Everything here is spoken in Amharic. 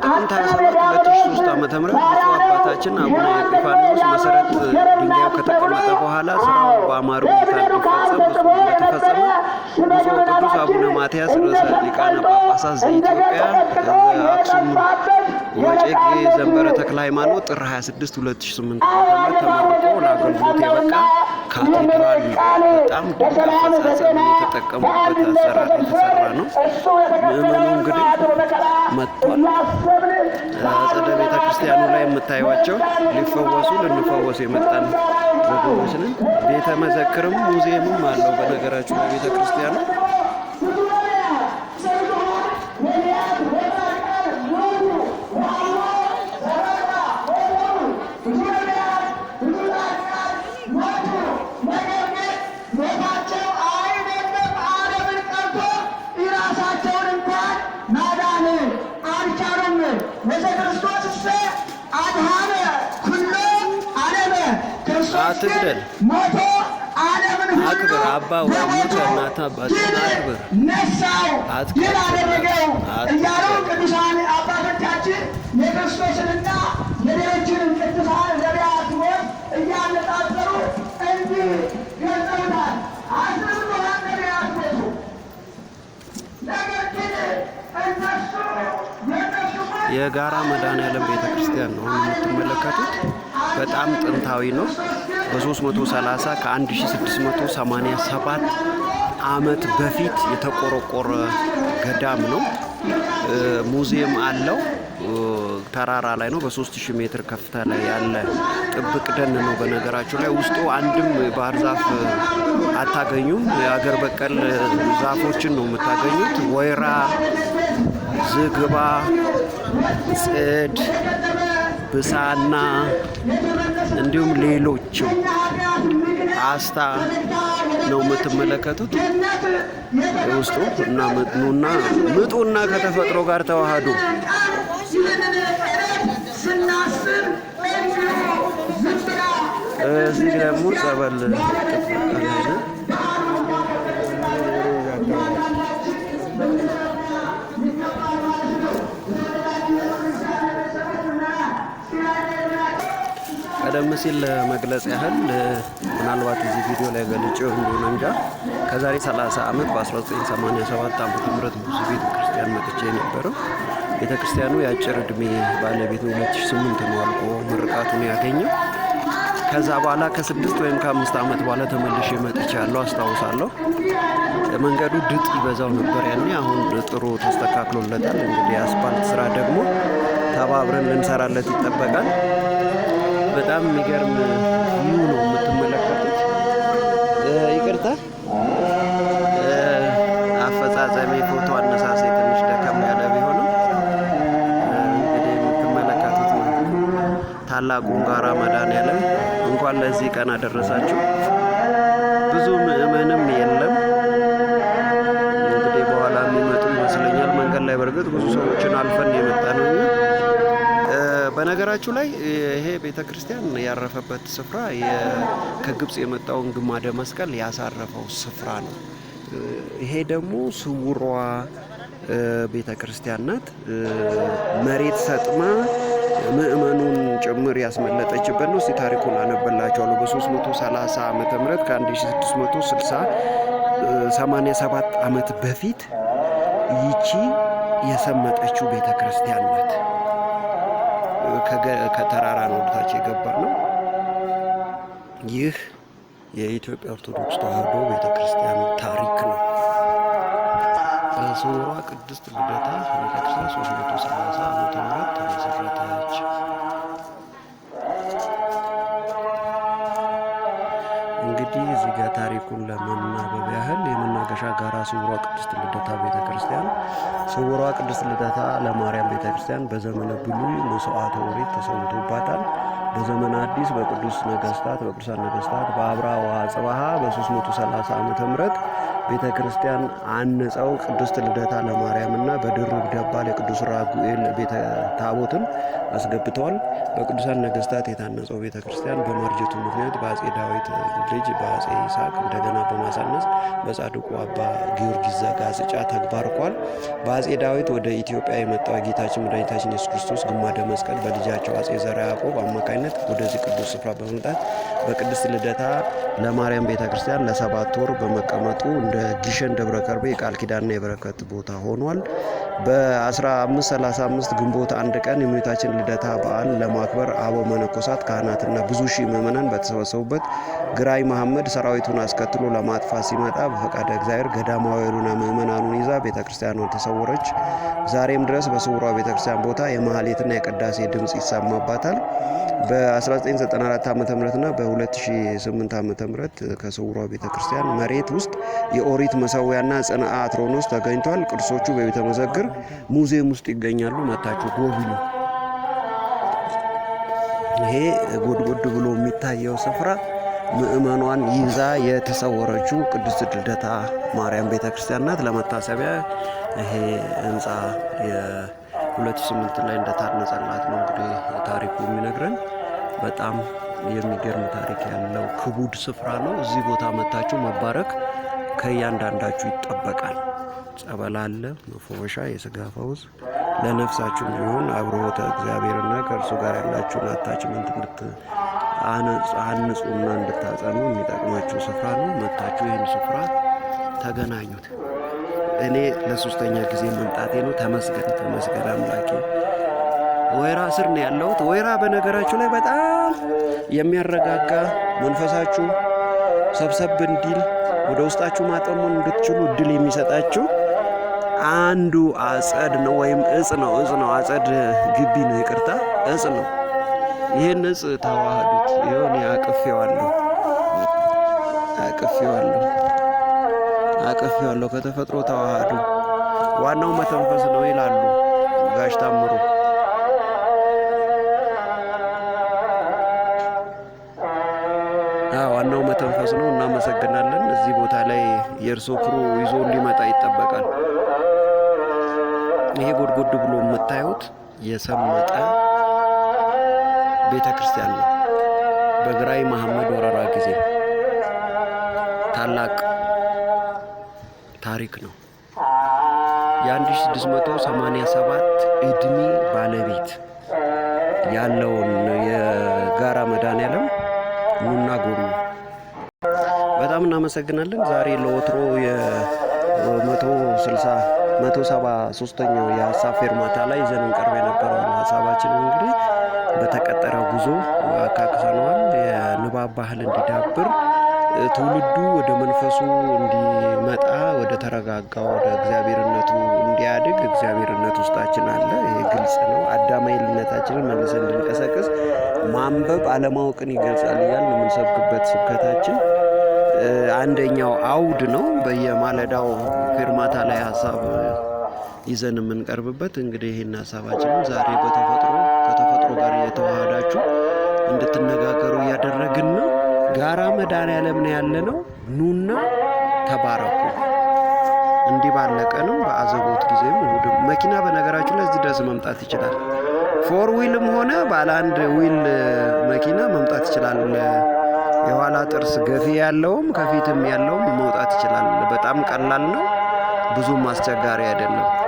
ጥቅምት 27 2003 ዓ.ም ብፁዕ አባታችን አቡነ ኤጲፋንዮስ መሰረት ድንጋዩ ከተቀመጠ በኋላ ስራው በአማረ ሁኔታ እንዲፈጸም እንደተፈጸመ ብፁዕ ቅዱስ አቡነ ማትያስ ርዕሰ ሊቃነ ጳጳሳት ዘኢትዮጵያ አክሱም ወጨጌ ዘንበረ ተክለ ሃይማኖት ጥር 26 2008 ዓ.ም ተመርቆ ለአገልግሎት የበቃ ካቴድራል በጣም ድንቅ አፈጻጸም የተጠቀሙበት አሰራር የተሰራ ነው። ምእመኑ እንግዲህ መጥቷል። አጸደ ቤተ ክርስቲያኑ ላይ የምታዩቸው ሊፈወሱ ልንፈወሱ የመጣን ወገኖች ነን። ቤተ መዘክርም ሙዚየምም አለው። በነገራችሁ ቤተ ክርስቲያኑ አትግደል፣ አክብር። አባ ወሙተ እናት አባትን አክብር፣ ነሳው ይህን አደረገው እያሉ ቅዱሳን አባቶቻችን የክርስቶስንና ቅዱሳን ነቢያት ሞት እያነጣጠሩ እንዲህ ገልጸውታል። አስር ነቢያት ሞቱ። ነገር ግን እነሱ የጋራ መድኃኔዓለም ቤተ ነው የምትመለከቱት። በጣም ጥንታዊ ነው። በ330 ከ1687 ዓመት በፊት የተቆረቆረ ገዳም ነው። ሙዚየም አለው። ተራራ ላይ ነው። በ3000 ሜትር ከፍታ ላይ ያለ ጥብቅ ደን ነው። በነገራችሁ ላይ ውስጡ አንድም ባህር ዛፍ አታገኙም። የአገር በቀል ዛፎችን ነው የምታገኙት። ወይራ፣ ዝግባ፣ ጽድ ብሳና እንዲሁም ሌሎቹ አስታ ነው የምትመለከቱት። ውስጡ እና ምጡና ምጡና ከተፈጥሮ ጋር ተዋህዶ እዚህ ደግሞ ጸበል ቀደም ሲል ለመግለጽ ያህል ምናልባት እዚህ ቪዲዮ ላይ ገልጬው እንደሆነ እንጃ ከዛሬ 30 ዓመት በ1987 ዓመተ ምህረት ብዙ ቤተ ክርስቲያን መጥቼ የነበረው ቤተ ክርስቲያኑ የአጭር ዕድሜ ባለቤት ነው። 2008 ነው አልቆ ምርቃቱን ያገኘው። ከዛ በኋላ ከስድስት ወይም ከአምስት ዓመት በኋላ ተመልሼ መጥቻለሁ አስታውሳለሁ። መንገዱ ድጥ ይበዛው ነበር ያኔ። አሁን ጥሩ ተስተካክሎለታል። እንግዲህ የአስፓልት ስራ ደግሞ ተባብረን ልንሰራለት ይጠበቃል። በጣም የሚገርም ቪው ነው የምትመለከቱት። ይቅርታ አፈጻጸሜ ፎቶ አነሳሴ ትንሽ ደከም ያለ ቢሆንም እንግዲህ የምትመለከቱት ታላቁን ጋራ መድኃኔዓለም እንኳን ለዚህ ቀን አደረሳችሁ። ብዙ ምእመንም የለም እንግዲህ በኋላ የሚመጡ ይመስለኛል። መንገድ ላይ በርግጥ ብዙ ሰዎችን አልፈን የመጣ ነው። በነገራችሁ ላይ ይሄ ቤተ ክርስቲያን ያረፈበት ስፍራ ከግብፅ የመጣውን ግማደ መስቀል ያሳረፈው ስፍራ ነው። ይሄ ደግሞ ስውሯ ቤተ ክርስቲያን ናት። መሬት ሰጥማ ምእመኑን ጭምር ያስመለጠችበት ነው። እስቲ ታሪኩን አነበላቸዋለሁ። በ330 ዓ ም ከ1687 ዓመት በፊት ይቺ የሰመጠችው ቤተ ክርስቲያን ናት። ከተራራ ነው ወደታች የገባ ነው። ይህ የኢትዮጵያ ኦርቶዶክስ ተዋሕዶ ቤተ ክርስቲያን ታሪክ ነው። በሶሯ ቅድስት ልደታ ቤተክርስቲያን 330 ዓመተ ምህረት ተመሰረተች። እንግዲህ እዚህ ጋር ታሪኩን ለመናበብ ያህል የመናገሻ ጋራ ስውሯ ቅድስት ልደታ ቤተ ክርስቲያን ስውሯ ቅድስት ልደታ ለማርያም ቤተ ክርስቲያን በዘመነ ብሉይ መስዋዕተ ኦሪት ተሰውቶባታል። በዘመነ አዲስ በቅዱስ ነገስታት በቅዱሳን ነገስታት በአብርሃ ወአጽብሃ በ330 ዓ ም ቤተ ክርስቲያን አነጸው ቅድስት ልደታ ለማርያምና በድርብ ደባል የቅዱስ ራጉኤል ቤተ ታቦትን አስገብተዋል። በቅዱሳን ነገስታት የታነጸው ቤተ ክርስቲያን በማርጀቱ ምክንያት በአጼ ዳዊት ልጅ በአጼ ይስሐቅ እንደገና በማሳነጽ በጻድቁ አባ ጊዮርጊስ ዘጋስጫ ተግባርኳል። በአጼ ዳዊት ወደ ኢትዮጵያ የመጣው ጌታችን መድኃኒታችን ኢየሱስ ክርስቶስ ግማደ መስቀል በልጃቸው አጼ ዘርዓ ያዕቆብ አማካኝነት ወደዚህ ቅዱስ ስፍራ በመምጣት በቅድስት ልደታ ለማርያም ቤተ ክርስቲያን ለሰባት ወር በመቀመጡ እንደ ጊሸን ደብረ ከርቤ የቃል ኪዳንና የበረከት ቦታ ሆኗል። በ1535 ግንቦት አንድ ቀን የእመቤታችን ልደታ በዓል ለማክበር አበው መነኮሳት ካህናትና ብዙ ሺህ ምዕመናን በተሰበሰቡበት ግራኝ መሐመድ ሰራዊቱን አስከትሎ ለማጥፋት ሲመጣ በፈቃደ እግዚአብሔር ገዳማዊ ሉና ምዕመናኑን ይዛ ቤተ ክርስቲያኗን ተሰወረች። ዛሬም ድረስ በስውሯ ቤተ ክርስቲያን ቦታ የመሐሌትና የቅዳሴ ድምፅ ይሰማባታል። በ1994 ዓ ምና በ2008 ዓ ም ከስውሯ ቤተ ክርስቲያን መሬት ውስጥ የኦሪት መሰዊያና ጽንአ አትሮኖስ ተገኝቷል። ቅርሶቹ በቤተ መዘክር ሙዚየም ውስጥ ይገኛሉ። መታችሁ ጎብኙ። ይሄ ጎድጎድ ብሎ የሚታየው ስፍራ ምእመኗን ይዛ የተሰወረችው ቅድስት ልደታ ማርያም ቤተ ክርስቲያን ናት። ለመታሰቢያ ይሄ ህንፃ የ2008 ላይ እንደታነጸላት ነው እንግዲህ ታሪኩ የሚነግረን። በጣም የሚገርም ታሪክ ያለው ክቡድ ስፍራ ነው። እዚህ ቦታ መታችሁ መባረክ ከእያንዳንዳችሁ ይጠበቃል። ጸበል አለ፣ መፈወሻ፣ የስጋ ፈውስ ለነፍሳችሁም ቢሆን አብርሆተ እግዚአብሔርና ከእርሱ ጋር ያላችሁን አታችመንት እንድት አንጹና እንድታጸኑ የሚጠቅማችሁ ስፍራ ነው። መታችሁ ይህን ስፍራ ተገናኙት። እኔ ለሶስተኛ ጊዜ መምጣቴ ነው። ተመስገን ተመስገን አምላኬ። ወይራ ስር ነው ያለሁት። ወይራ በነገራችሁ ላይ በጣም የሚያረጋጋ መንፈሳችሁ ሰብሰብ እንዲል ወደ ውስጣችሁ ማጠሙን እንድትችሉ እድል የሚሰጣችሁ አንዱ አጸድ ነው ወይም እጽ ነው። እጽ ነው አጸድ ግቢ ነው፣ ይቅርታ እጽ ነው። ይህን እጽ ተዋህዱት። ይሆን አቅፌዋለሁ፣ አቅፌዋለሁ፣ አቅፌዋለሁ። ከተፈጥሮ ተዋህዱ ዋናው መተንፈስ ነው ይላሉ ጋሽ ታምሩ። ዋናው መተንፈስ ነው። እናመሰግናለን። እዚህ ቦታ ላይ የእርሶ ክሩ ይዞ ሊመጣ ይጠበቃል። ይሄ ጎድጎድ ብሎ የምታዩት የሰመጠ ቤተ ክርስቲያን ነው። በግራይ መሐመድ ወረራ ጊዜ ታላቅ ታሪክ ነው። የ1687 እድሜ ባለቤት ያለውን የጋራ መድኃኔዓለም ኑና ጎብኙ። በጣም እናመሰግናለን። ዛሬ ለወትሮ የመቶ ስልሳ መቶ ሰባ ሶስተኛው የሀሳብ ፌርማታ ላይ ይዘን ቀርብ የነበረውን ሀሳባችን እንግዲህ በተቀጠረ ጉዞ አካክሰነዋል። የንባብ ባህል እንዲዳብር ትውልዱ ወደ መንፈሱ እንዲመጣ ወደ ተረጋጋ ወደ እግዚአብሔርነቱ እንዲያድግ እግዚአብሔርነት ውስጣችን አለ። ይሄ ግልጽ ነው። አዳማይልነታችንን መልሰን እንድንቀሰቅስ ማንበብ አለማወቅን ይገልጻል እያል የምንሰብክበት ስብከታችን አንደኛው አውድ ነው። በየማለዳው ፊርማታ ላይ ሀሳብ ይዘን የምንቀርብበት እንግዲህ ይህን ሀሳባችንም ዛሬ በተፈጥሮ ከተፈጥሮ ጋር እየተዋሃዳችሁ እንድትነጋገሩ እያደረግን ነው። ጋራ መድኃኔዓለም ነው ነው። ኑና ተባረኩ። እንዲህ ባለ በአዘቦት ጊዜም እሑድም መኪና በነገራችሁ ላይ እዚህ ድረስ መምጣት ይችላል። ፎር ዊልም ሆነ ባለ አንድ ዊል መኪና መምጣት ይችላል። የኋላ ጥርስ ገፊ ያለውም ከፊትም ያለውም መውጣት ይችላል። በጣም ቀላል ነው። ብዙም አስቸጋሪ አይደለም።